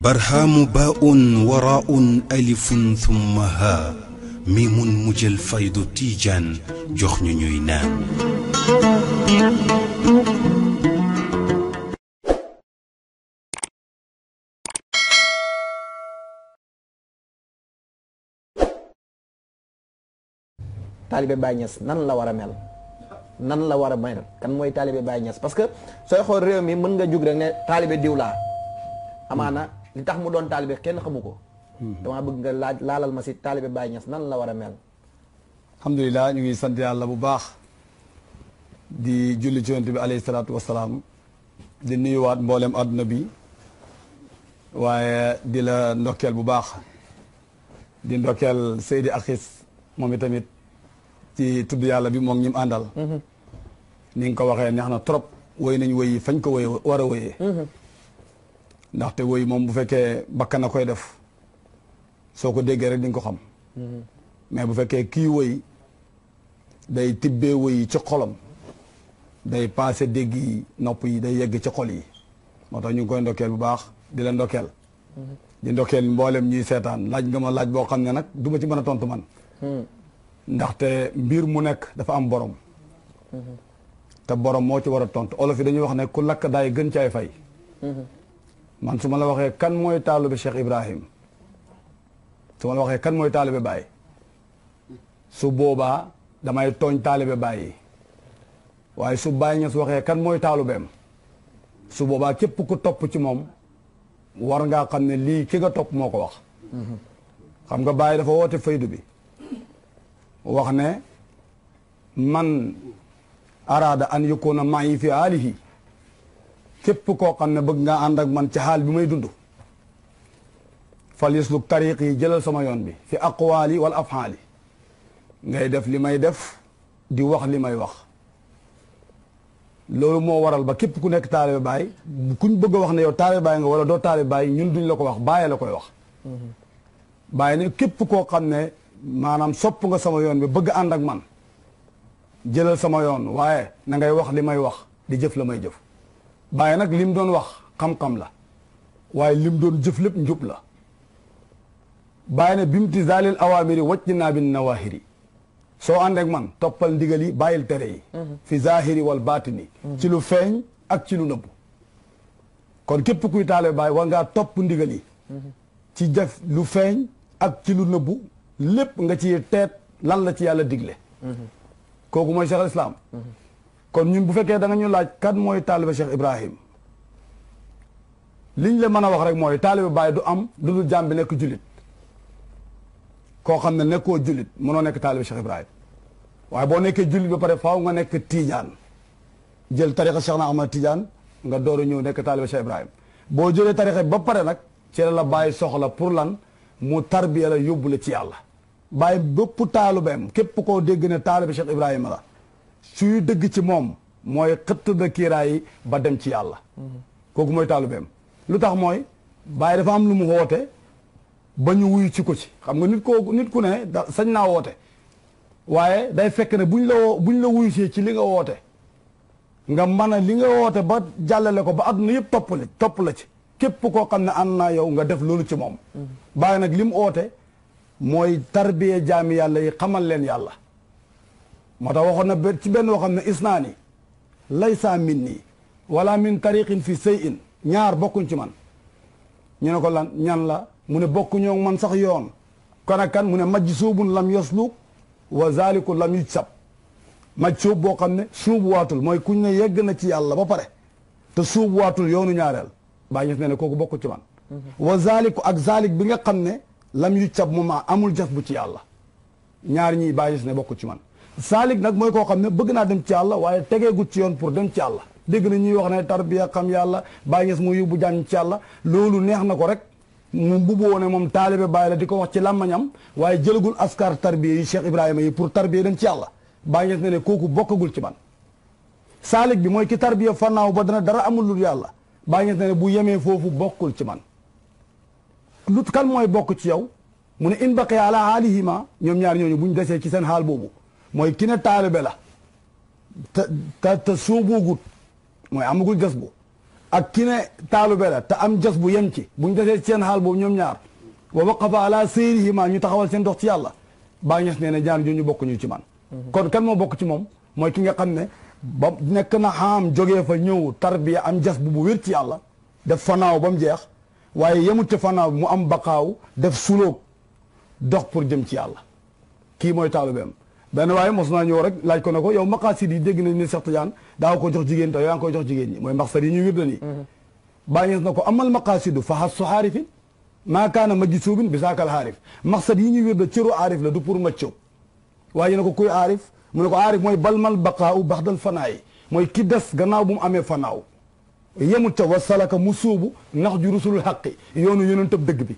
barhaamu baa'un waraa'un alifun thumma haa mi mun mujjal faydu tiijaan jox ñu ñuy naan. taalibe Baay Ñas nan la war a mel nan la war a mel kan mooy taalibe Baay Ñas parce que sooy xool réew mi mën nga jug rek ne taalibe diw amaana. li tax mu doon taalibe kenn xamu ko. Hmm. damaa bëgg nga laaj laalal ma si taalibe Baye Niass nan la war a mel. alhamdulilah ñu ngi sant yàlla bu baax. di julli ci yonent bi alayhi salaatu wasalaam di nuyuwaat mboolem àdduna bi waaye di la ndokkeel bu baax di ndokkeel Seydi Akis moom itamit ci tudd yàlla bi moom ñim àndal mm-hmm. ni ko waxee neex na trop woy nañ woy yi fañ ko woy war a woyee mm-hmm. ndaxte woy moom bu fekkee bakkan na koy def soo ko déggee rek di ko xam mm-hmm. mais bu fekkee kii woy day tibbee woy yi ci xolam day paase dégg yi nopp yi day yegg ci xol yi moo tax ñu ngi koy ndokkeel bu baax di la ndokkeel mm-hmm. di ndokkeel mboolem ñuy seetaan laaj nga ma laaj boo xam ne nag duma ci mën a tontu man mm-hmm. ndaxte mbir mu nekk dafa am borom te borom moo ci war a tontu olof yi dañuy wax ne ku lakk daay gën caay fay man su ma la waxee kan mooy taalibe Cheikh Ibrahim su ma la waxee kan mooy taalibe Baye su boobaa damay tooñ taalibe Baye yi waaye su Baye ña su waxee kan mooy taalu beem su boobaa képp ku topp ci moom war ngaa xam ne lii ki nga topp moo ko wax. xam nga Baye dafa woote faydu bi wax ne man araada an maa ma'i fi alihi képp koo xam ne bëgg nga ànd ak man ci xaal bi may dund fal yusluk tariq yi jëlal sama yoon bi fi aqwaali wal afhaali ngay def li may def di wax li may wax loolu moo waral ba képp ku nekk taalibe baay kuñ bëgg wax na yow taalibe baay nga wala doo taalibe baay ñun duñ la ko wax bàyyi la koy wax mm-hmm. bàyyi ne képp koo xam ne maanaam sopp nga sama yoon bi bëgg ànd ak man jëlal sama yoon waaye na ngay wax li may wax di jëf la may jëf Baye nag lim doon wax xam-xam la waaye lim doon jëf lépp njub la Baye ne bimti zaalil awaamiri wàcc naa bin nawaahiri soo ànd man toppal ndigal yi bàyyil tere yi mhm. fi zahiri wal baatini mhm. ci lu feeñ ak ci lu nëbb kon képp kuy taale Baye war ngaa topp ndigal yi mhm. ci jëf lu feeñ ak ci lu nëbbu lépp nga ci teet lan la ci yàlla digle kooku mooy Cheikh al kon ñun bu fekkee da nga ñu laaj kan mooy taaliba Cheikh Ibrahim liñ la mën a wax rek mooy taaliba Baay du am du dul jaam nekk julit koo xam ne nekkoo julit mënoo nekk taaliba Cheikh Ibrahim waaye boo nekkee julit ba pare faaw nga nekk Tijaan jël tarixa Cheikh na nga door ñëw nekk taaliba Cheikh Ibrahim boo jëlee tarixa ba pare nag ci la la Baay soxla pour lan mu tarbiya la yóbbu la ci yàlla Baay bépp taalubeem képp koo dégg ne taaliba Cheikh Ibrahima la suy dëgg ci moom mooy xëtt na kiiraay yi ba dem ci yàlla kooku mooy taalibeem lu tax mooy bàyyi dafa am lu mu woote ba ñu ci ko ci xam nga nit koo nit ku ne sañ naa woote waaye day fekk ne buñ la woo buñ la wuyu ci li nga woote nga mën a li nga woote ba jàllale ko ba adduna yëpp topp la topp la ci képp koo xam ne ànd naa yow nga def loolu ci moom mm-hmm. bàyyi nag li mu woote mooy tarbiya jaami yàlla yi xamal leen yàlla moo tax waxoon na ci benn waxam ne isnaani laysa minni wala min tariqin fi seyin ñaar bokkuñ ci man ñu ne ko lan ñan la mu ne bokkuñoo man sax yoon kon ak mu ne majj suubun lam yos yasluk wa zaliku lam yujsab maj suub boo xam ne suub waatul mooy kuñ ne yegg na ci yàlla ba pare te suub waatul yoonu ñaareel baa ñes ne kooku bokku ci man mhm. wa zaliku ak zalik bi nga xam ne lam yujsab moom amul jaf bu ci yàlla ñaar ñii baa ñes ne bokku ci man saalik nag mooy koo xam ne bëgg naa dem ci àlla waaye tegeegut ci yoon pour dem ci yàlla dégg na ñuy wax ne tarbiya xam yàlla bàyyi ñes moo yóbbu jàng ci àlla loolu neex na ko rek mu bubboo ne moom taalibe bàyyi la di ko wax ci làmmañam waaye jëlagul askar tarbiya yi Cheikh Ibrahima yi pour tarbiya dem ci àlla bàyyi na ne kooku bokkagul ci man saalik bi mooy ki tarbiya fannaaw ba dana dara amul lu yàlla bàyyi ñes ne bu yemee foofu bokkul ci man lu kan mooy bokk ci yow mu ne in baqi ala haalihima ñoom ñaar ñooñu buñ desee ci seen xaal boobu mooy kine ne la te te te suubuugut mooy amagul jas bu ak ki ne taalibe la te am jas bu yem ci buñ desee seen xaal boobu ñoom ñaar wa waqafa ala maa ñu taxawal seen dox ci yàlla baa ñes nee ne ñaar ñu bokk ci man kon kan moo bokk ci moom mooy ki nga xam ne ba nekk na xaam jógee fa ñëw tarbiya am jas bu bu wér ci yàlla def fanaaw ba mu jeex waaye yemut ci fanaaw mu am baqaaw def sulóog dox pour jëm ci yàlla kii mooy taalubeem benn waaye mos naa ñëw rek laaj ko na ko yow maqaasid yi dégg nañ ne Cheikh Tidiane daaw ko jox jigéen te yaa ngi koy jox jigéen ñi mooy maqsad yi ñu wirda nii mhm. bàñees na ko amal maqaasidu fa xassu xaarifin maa kaana majsuubin bi saakal xaarif maqsad yi ñu wirda cëru aarif la du pour macco waaye na ko kuy aarif mu ko aarif mooy balmal baqaawu baxdal fanaayi mooy ki des gannaaw bu mu amee fanaaw mu ca wa salaka mu suubu nax ju rusulul xaqi yoonu yonent tëb dëgg bi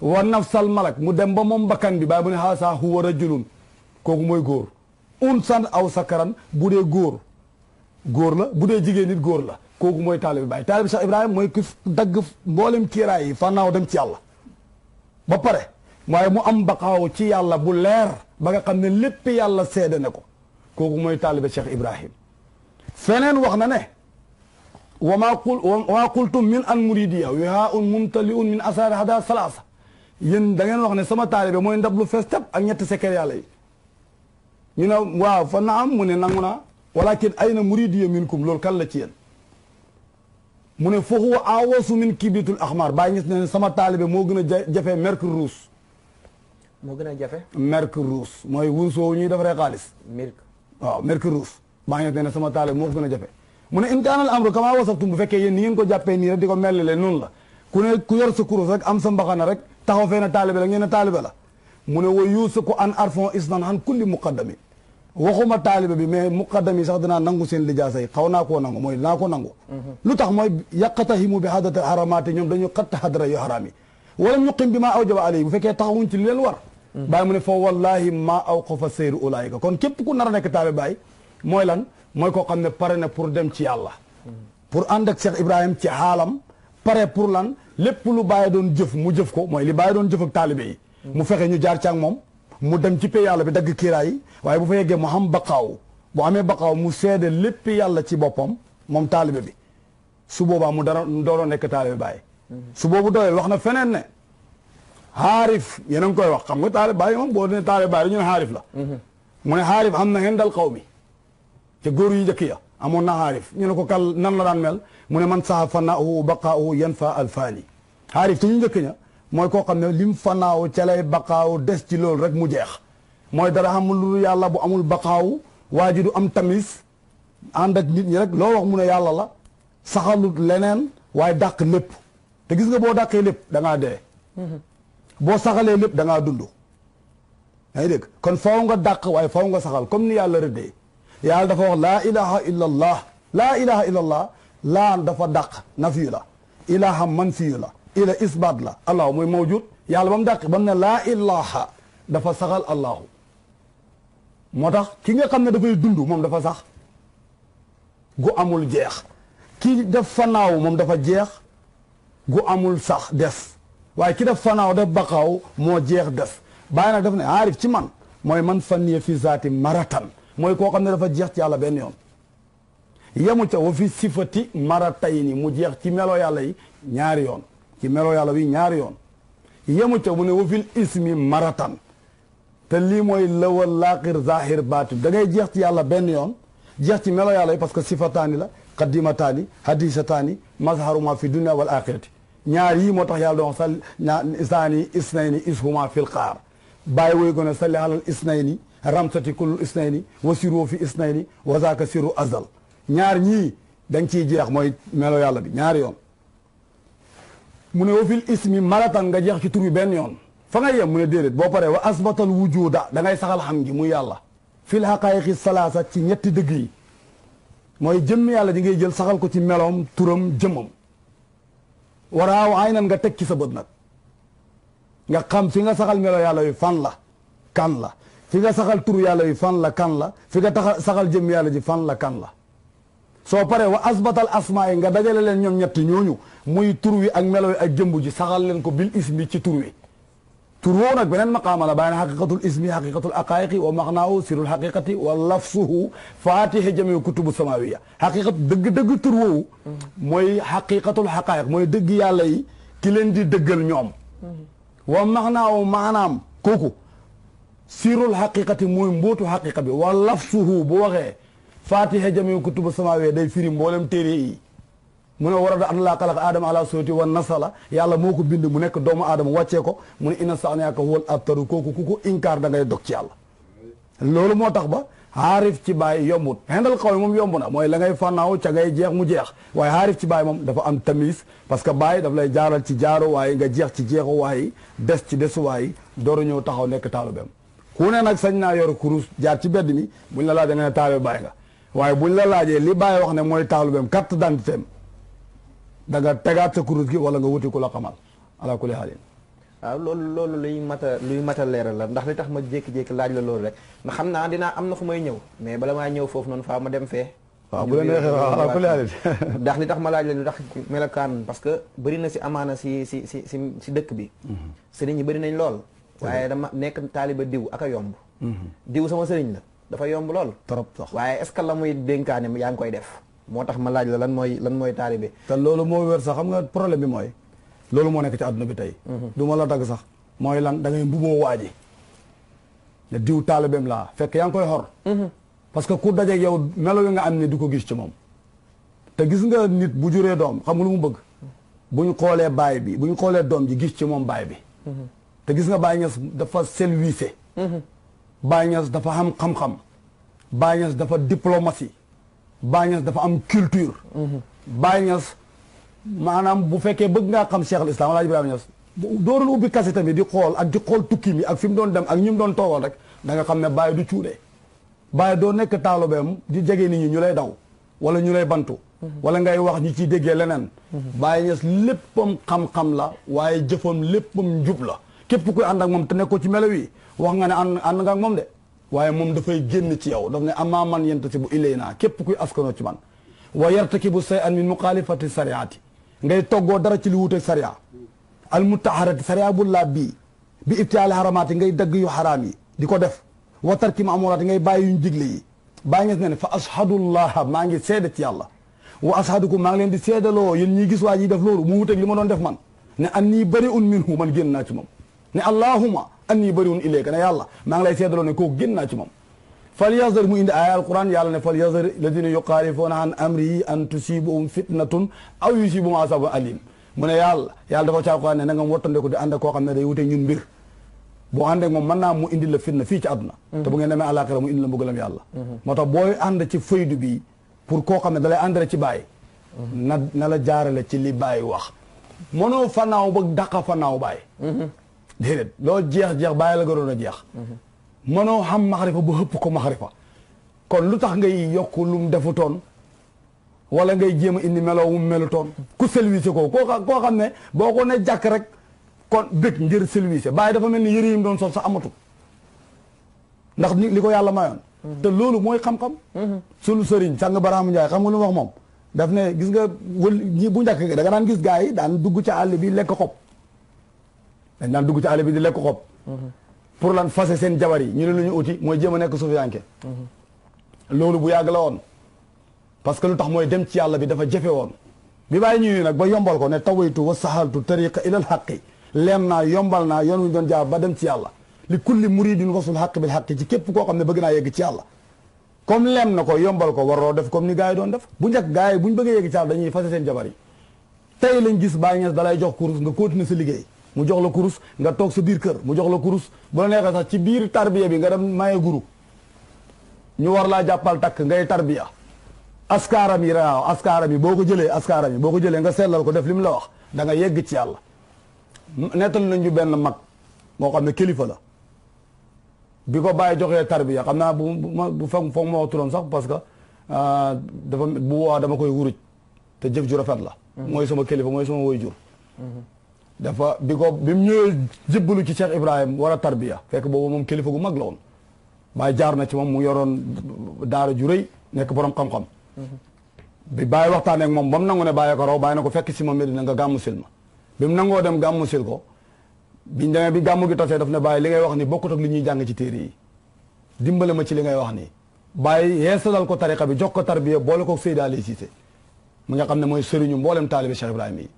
wa nafsal malak mu dem ba moom bakkan bi bàyyi mu ne xaasaa huwa rajulun kooku mooy góor un san aw sakaran bu dee góor góor la bu dee jigéen nit góor la kooku mooy taalibi Baay taalibi Cheikh Ibrahima mooy ki dagg mboolem kiiraay yi fannaaw dem ci yàlla ba pare waaye mu am baqaaw ci yàlla bu leer ba nga xam ne lépp yàlla seede ne ko kooku mooy taalibi Cheikh Ibrahima feneen wax na ne wamaa qul wamaa qultum min an muridiya wihaa un mumtali un min asaari hada salaasa yéen da ngeen wax ne sama taalibe mooy ndab lu fees teb ak ñetti yi ñu ne waaw fa na am mu ne nangu naa walakin ayna muridiya minkum loolu kan la ci yéen mu ne foofu awasu min kibritul axmar bàyyi gis ne sama taalibe moo gën a jafe mercure rouge moo gën a jafe mercure rouge mooy wurus woowu ñuy defaree xaalis waaw mercure rouge bàyyi gis ne sama taalibe moo ko gën a jafe mu ne in kaana al amru kama wasaftum bu fekkee yéen ni ngeen ko jàppee nii rek di ko mellale noonu la ku ne ku yor sa kurus rek am sa mbaxana rek taxaw fee na taalibe la ngeen ne taalibe la mu ne wa yuusaku an arfon isnan an kulli muqaddamin waxuma taalibe bi mais muqaddam yi sax dinaa nangu seen lijaasa yi xaw naa koo nangu mooy naa ko nangu mhm. lu tax mooy yaqtahimu bi hadratil haramaati ñoom dañu xatt hadra yu haram yi walam yuqim bi maa awjaba alayhi bu fekkee taxawuñ ci li leen war mhm. bàyyi mu ne fa wallahi maa awqafa sayru ulaayika kon képp ku nara a nekk taalibe baay mooy lan mooy koo xam ne pare na pour dem ci yàlla mhm. pour ànd ak Cheikh Ibrahim ci xaalam pare pour lan lépp lu bàyyi doon jëf mu jëf ko mooy li bàyyi doon jëf ak taalibe yi mu fexe ñu jaar ci ak moom mu dem ci pay yàlla bi dagg kiiraay waaye bu fa yeggee mu xam baqaaw bu amee baqaaw mu seede lépp yàlla ci boppam moom taalibe bi su boobaa mu dara dooroo nekk taalibe bàyyi su boobu doyel wax na feneen ne xaarif yéen koy wax xam nga taalibe bàyyi moom boo ne taalibe bàyyi ñu ne xaarif la mu ne xaarif am na xen dal xaw mi te góor yu njëkk ya amoon na xaarif ñu ne ko kal nan la daan mel mu ne man saxa fanaahu baqaahu yan fa alfaani xaarif te ñu mooy koo xam ne lim fanaaw ca lay baqaaw des ci loolu rek mu jeex mooy dara xamul lu yàlla bu amul baqaaw waa ji du am tamis ànd ak nit ñi rek loo wax mu ne yàlla la saxalut leneen waaye dàq lépp te gis nga boo dàqee lépp da ngaa dee mhm. boo saxalee lépp dangaa ngaa dund yaa ngi dégg kon faaw nga dàq waaye faaw nga saxal comme ni yàlla dee yàlla dafa wax laa ilaha illa allah laa ilaha illa allah laa dafa dàq na fiyu la ilaha man fiyu la ila isbaat la allaahu mooy mawjud yàlla ba mu dàq ba mu ne laa ilaha dafa saxal allaahu moo tax ki nga xam ne dafay dund moom dafa sax gu amul jeex ki def fanaaw moom dafa jeex gu amul sax des waaye ki def fanaaw def baqaaw moo jeex des bàyyi nag daf ne aarif ci man mooy man fanniye fi zaati maratan mooy koo xam ne dafa jeex ci yàlla benn yoon yemu ca wa fi sifati maratay ni mu jeex ci melo yàlla yi ñaari yoon ci meloo yàlla wi ñaar yoon yemu ca mu ne wafil ismi maratan te lii mooy lawal laaqir zahir baatin da jeex ci yàlla benn yoon jeex ci meloo yàlla yi parce que sifataani la qadimataani hadisataani mazharuma fi dunia wal axirati ñaar yii moo tax yàlla doon sal saani isnayni ishuma fil qaar bàyyi woy ko ne salli alal isnayni ramsati kullu isnayni wa siru fi isnayni wa zaaka siru azal ñaar ñii dañ ciy jeex mooy melo yàlla bi ñaari yoon mu ne wa fil ismi maratan nga jeex ci tur bi benn yoon fa nga yem mu ne déedéet boo paree wa asbatal wujuda da ngay saxal xam gi muy yàlla fil haqaayiqi salaasa ci ñetti dëgg yi mooy jëmm yàlla ji ngay jël saxal ko ci meloom turam jëmmam waraaw ay nan nga teg ci sa bët nag nga xam fi nga saxal melo yàlla yu fan la kan la fi nga saxal tur yàlla yu fan la kan la fi nga taxa saxal jëm yàlla ji fan la kan la soo paree wa asbatal asmaa yi nga dajale leen ñoom ñetti ñooñu muy tur wi ak melo yi ak jëmbu ji saxal leen ko bil ismi ci tur wi tur woo nag beneen maqaama la bàyyi na xaqiqatul ismi xaqiqatul aqaayiqi wa maxnaahu sirul xaqiqati wa lafsuhu faatixe jamee kutubu samawiya xaqiqat dëgg-dëgg tur woowu mooy xaqiqatul xaqaayiq mooy dëgg yàlla yi ki leen di dëggal ñoom wa maxnaahu maanaam kooku sirul xaqiqati mooy mbóotu xaqiqa bi wa lafsuhu bu waxee fatiha jami kutubu samaawe day firi mboolem téere yi mu ne warada an laa xalaq aadama ala sooti wa nasala yàlla moo ko bind mu nekk doomu aadama wàccee ko mu ne ina saaniyaaka wal abtaru kooku ku ko inkaar da dog ci yàlla loolu moo tax ba xaarif ci bàyyi yombut xendal xaw moom yomb na mooy la ngay fànnaaw ca ngay jeex mu jeex waaye xaarif ci bàyyi moom dafa am tamis parce que bàyyi daf lay jaaral ci jaaro waaye nga jeex ci jeexu des ci desu waaye dooru ñëw taxaw nekk taalu bem ku ne nag sañ naa yor kurus jaar ci bedd mi buñ la laaj da nga ne taale bàyyi waaye buñ la laajee li bàyyi wax ne mooy taalubeem carte d'identité am tegaat sa kurus gi wala nga wuti ku la xamal ala kulli haalin waaw ah, loolu loolu luy mat luy mat a leeral la ndax li tax ma jékki-jékki laaj la loolu rek na xam naa dinaa am na fu may ñëw mais bala maa ñëw foofu noonu faa ma dem fee waaw bu la neexee ala kulli haalin ndax li tax ma laaj la lu tax melokaan parce que bëri na si amaana si si si si si dëkk bi mhm. sëriñ yi bëri nañ lool waaye dama nekk taaliba diw ak yomb mhm. diw sama sëriñ la dafa yomb lool. trop sax waaye est la muy dénkaane yaa ngi koy def. moo tax ma laaj la lan mooy lan mooy taalibe. te loolu moo wér sax xam nga problème bi mooy. loolu moo nekk ci àdduna bi tey. Mhm. du ma la dagg sax. mooy lan da ngay mbuboo waaji ne diw taalibeem laa fekk yaa ngi koy xor. Mhm. parce que ku dajeeg yow melo yi nga am ne di ko gis ci moom. te gis nga nit bu juree doom xam nga lu mu bëgg. bu xoolee baay bi bu ñu xoolee doom ji gis ci moom baay bi. Mhm. te gis nga baay ñes dafa selvisé. Baye Niass dafa am xam-xam Baye Niass dafa diplomatie Baye Niass dafa am culture Baye Niass maanaam bu fekkee bëgg ngaa xam Cheikh al Islam Alaaji Ibrahima Niass ubbi kase tamit di xool ak di xool tukki mi ak fi mu doon dem ak ñi mu doon toogal rek da nga xam ne Baye du cuune Baye doo nekk taalibeem di jege nit ñi ñu lay daw wala ñu lay bantu wala ngay wax ñu ci déggee leneen mhm. Baye Niass léppam xam-xam la waaye jëfam léppam njub la képp ko ànd ak moom te nekkoo ci melo wax nga ne ànd ànd nga ak moom de waaye moom dafay génn ci yow daf ne amaa man yentasibu ilaynaa képp kuy askanoo ci man wa yartakibu shay'an min muxaalifati sariati ngay toggoo dara ci li wuute sariya al mutaharati sariya bu laab bii bi ibtiaal xaramaati ngay dagg yu xaraam yi di ko def wa tarki maamuraati ngay bàyyi yuñ digle yi bàyyi nges ne fa ashadullaha maa ngi seede ci yàlla wa ashadukum maa ngi leen di seedaloo yéen ñiy gis waa ji def loolu mu wuteeg li ma doon def man ne an nii bari un minhu man génn naa ci moom ne allahuma anni bariwun ilayka ne yàlla maa ngi lay seedaloo ne kooku génn naa ci moom mu indi aaya alquran yàlla ne falyazar ladina yuxaalifuuna an amrihi an tusibuhum fitnatun aw yusibuhum asabun alim mu ne yàlla yàlla dafa ci alquran ne na nga wattandeku di ànd ak koo xam ne day wute ñun mbir boo ànd ak moom naa mu indi la fitna fii ci àdduna mm-hmm. te bu ngeen demee àllaaxira mu indi la mbugalam yàlla mm-hmm. moo tax booy ànd ci faydu bi pour koo xam da mm-hmm. la jaarale ci li bàyyi wax mënoo fanaaw ba dàqa fanaaw bàyyi déedéet loo jeex-jeex bàyyi la gënoon a jeex mënoo xam maxarifa bu hëpp ko maxarifa kon lu tax ngay yokk lu mu toon walla ngay jéem a indi meloo wu mu melutoon ku selwise ko koo koo xam ne boo ko ne jàkk rek kon bëgg njër selwise bàyyi dafa mel ni yëre yi mu doon sol sax amatu ndax li ko yàlla mayoon te loolu mooy xam-xam sunu sëriñ sàng baraamu Njaay xam nga lu mu wax moom daf ne gis nga wël ñi bu njëkk da nga daan gis gaa yi daan dugg ca àll bi lekk xob dañ daan dugg ci àll bi di lekk xob. pour lan fase seen jabar yi ñu ne lu ñu uti mooy jéem a nekk sufiyanke loolu bu yàgg la woon parce que lu tax mooy dem ci yàlla bi dafa jefe woon bi bàyyi ñuy nag ba ko ne tawaytu wa sahaltu tariqa ilal xaqi leem naa yombal naa yoon wu doon ba dem ci yàlla li kulli muridin wasul xaq bil xaqi koo xam ne bëgg naa yegg ci yàlla comme leem na ko yombal ko waroo def comme ni gars yi doon def bu njëkk gars yi buñ bëggee yegg ci yàlla dañuy fase seen jabar yi tey lañ gis bàyyi ngees dalay jox course nga continuer sa liggéey mu jox la kurus nga tok sa bir keur mu jox la kurus bu la nexa sax ci bir tarbiya bi nga dem maye guru ñu war la jappal tak ngay tarbiya askaram yi raaw askaram yi boko jele askaram yi boko jele nga selal ko def lim la wax da nga yegg ci yalla netal nañ ñu benn mag moo kilifa la bi ko bàyyi tarbiya xamna bu bu foog foog mo turon sax parce que euh, dafa bu wa dama koy wuruj te jëf ju rafet la moy mm-hmm. sama kilifa moy sama mm-hmm. dafa bi ko bi mu ñëwee jébbalu ci Cheikh Ibrahim war a tarbiya fekk boobu moom kilifa gu mag la woon bàyyi jaar na ci moom mu yoroon daara ju nekk boroom xam-xam bi bàyyi waxtaanee ak moom ba mu nangu ne bàyyi ko raw bàyyi na ko fekk si ma nga gàmmu sil ma bi mu nangoo dem gàmmu sil ko biñ demee bi gàmmu gi tasee daf ne bàyyi li ngay wax ni bokkut ak li ñuy jàng ci téere yi dimbale ma ci li ngay wax nii bàyyi yeesalal ko tariqa bi jox ko tarbiya boole ko Seydi Ali Cissé nga xam ne mooy sëriñu mboolem taalibi Cheikh Ibrahima yi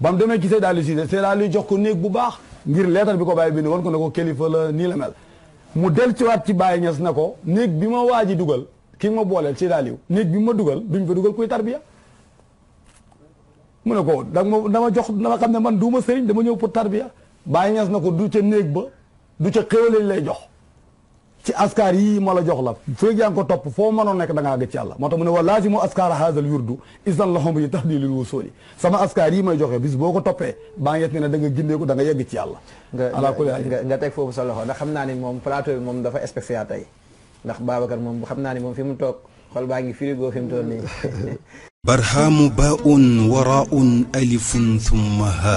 ba demee ci Seydi Aliou Cissé Seydi Aliou jox ko néeg bu baax ngir leetar bi ko baay bi bind woon ko ne ko kilifa la nii la mel mu del ci waat ci baay Niass na ko néeg bi ma waa ji dugal ki ma booleel Seydi Aliou néeg bi ma dugal duñ fa dugal kuy tarbiya mu ne ko dama dama jox dama xam ne man duuma sëriñ dama ñëw pour tarbiya Baye Niass na ko du ca néeg ba du ca xéwal lañ lay jox ci askar yi ma la jox la feeg yaa topp foo mënoon nekk danga ngaa gëj ci moo tax mu ne wa laazimu askar haazal yurdu islan la xomb yi tax di lil sama askar yi may joxe bis boo ko toppee baa ngeet ne ne da nga gindeeku da nga yegg ci yàlla ala kulli nga teg foofu sa loxo ndax xam naa ni moom plateau bi moom dafa spécial tey ndax Babacar moom xam naa ni moom fi mu toog xol baa ngi firigo fi mu toll nii barhaamu baaun waraun alifun thumma ha